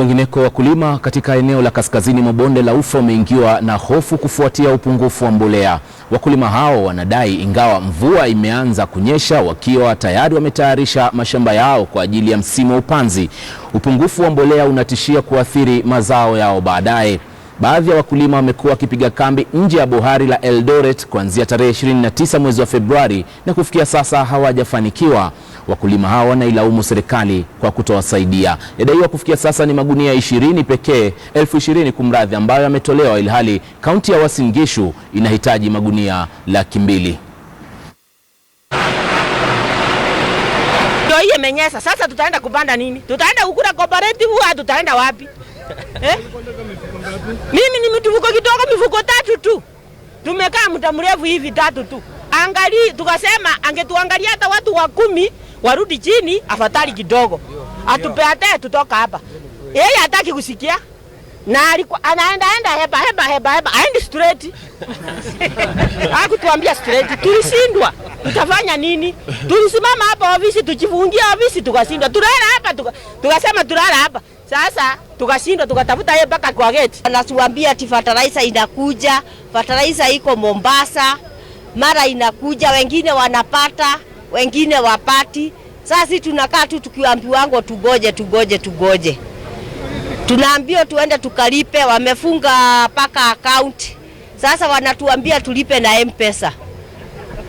Kwengineko, wakulima katika eneo la kaskazini mwa bonde la Ufa wameingiwa na hofu kufuatia upungufu wa mbolea. Wakulima hao wanadai ingawa mvua imeanza kunyesha, wakiwa tayari wametayarisha mashamba yao kwa ajili ya msimu wa upanzi, upungufu wa mbolea unatishia kuathiri mazao yao baadaye. Baadhi ya wakulima wamekuwa wakipiga kambi nje ya bohari la Eldoret kuanzia tarehe 29 mwezi wa Februari na kufikia sasa hawajafanikiwa. Wakulima hawa wanailaumu serikali kwa kutowasaidia. Yadaiwa kufikia sasa ni magunia 20 pekee, elfu 20 kumradhi, ambayo yametolewa, ilhali kaunti ya Uasin Gishu inahitaji magunia laki mbili. hiyo imenyesa sasa, tutaenda kupanda nini? Tutaenda kukula cooperative au tutaenda wapi eh? Mimi ni mifuko kidogo, mifuko tatu tu tumekaa muda mrefu hivi, tatu tu angali, tukasema angetuangalia hata watu wa kumi warudi chini, afadhali kidogo Atupe hata tutoka hapa. Yeye hataki kusikia na alikuwa anaenda enda heba heba heba heba, aende straight hakutuambia straight. Tulishindwa, tutafanya nini? Tulisimama hapa ofisi, tujifungia ofisi tukashindwa, tulala hapa tukasema, tuka tulala hapa sasa tukashindwa tukatafuta yeye mpaka kwa geti. Anatuambia ati fertilizer inakuja, fertilizer iko Mombasa, mara inakuja, wengine wanapata, wengine wapati. Sasa sisi tunakaa tu tukiambiwango tugoje, tugoje, tugoje. Tunaambiwa tuende tukalipe, wamefunga mpaka account. Sasa wanatuambia tulipe na M-Pesa.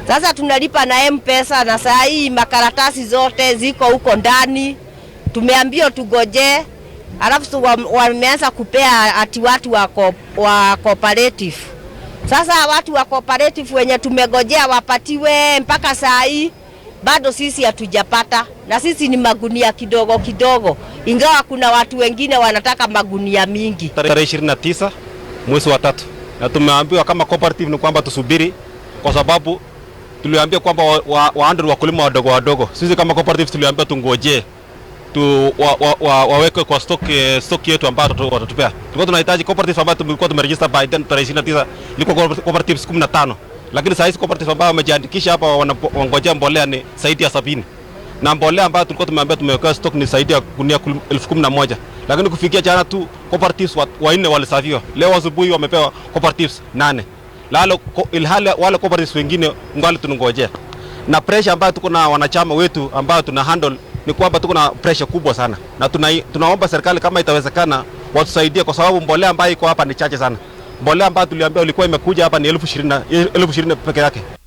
Sasa tunalipa na M-Pesa na saa hii makaratasi zote ziko huko ndani. Tumeambiwa tugoje alafu wameanza kupea ati watu wa, ko, wa cooperative. Sasa watu wa cooperative wenye tumegojea wapatiwe mpaka saa hii bado sisi hatujapata, na sisi ni magunia kidogo kidogo, ingawa kuna watu wengine wanataka magunia mingi. Tarehe 29 mwezi wa tatu, na tumeambiwa kama cooperative ni kwamba tusubiri, kwa sababu tuliambiwa kwamba wa, wa, wa wakulima wadogo wadogo. Sisi kama cooperative tuliambiwa tungojee tu wa, wa, wa, wawekwe kwa stock stock yetu ambayo watatupea. Tulikuwa tunahitaji cooperatives ambayo tumekuwa tumeregister by then tarehe 29 ilikuwa cooperatives 15, lakini sasa hizi cooperatives ambayo wamejiandikisha hapa wanangojea mbolea ni zaidi ya sabini na mbolea ambayo tulikuwa tumeambia tumewekea stock ni zaidi ya gunia elfu kumi na moja lakini kufikia jana tu cooperatives wanne walisafiwa. Leo asubuhi wamepewa cooperatives nane lalo ilhali wale cooperatives wengine ngali tunangojea, na pressure ambayo tuko na wanachama wetu ambao tuna handle ni kwamba tuko na pressure kubwa sana, na tuna, tunaomba serikali kama itawezekana watusaidie, kwa sababu mbolea ambayo iko hapa ni chache sana. Mbolea ambayo tuliambia ilikuwa imekuja hapa ni elfu ishirini peke yake.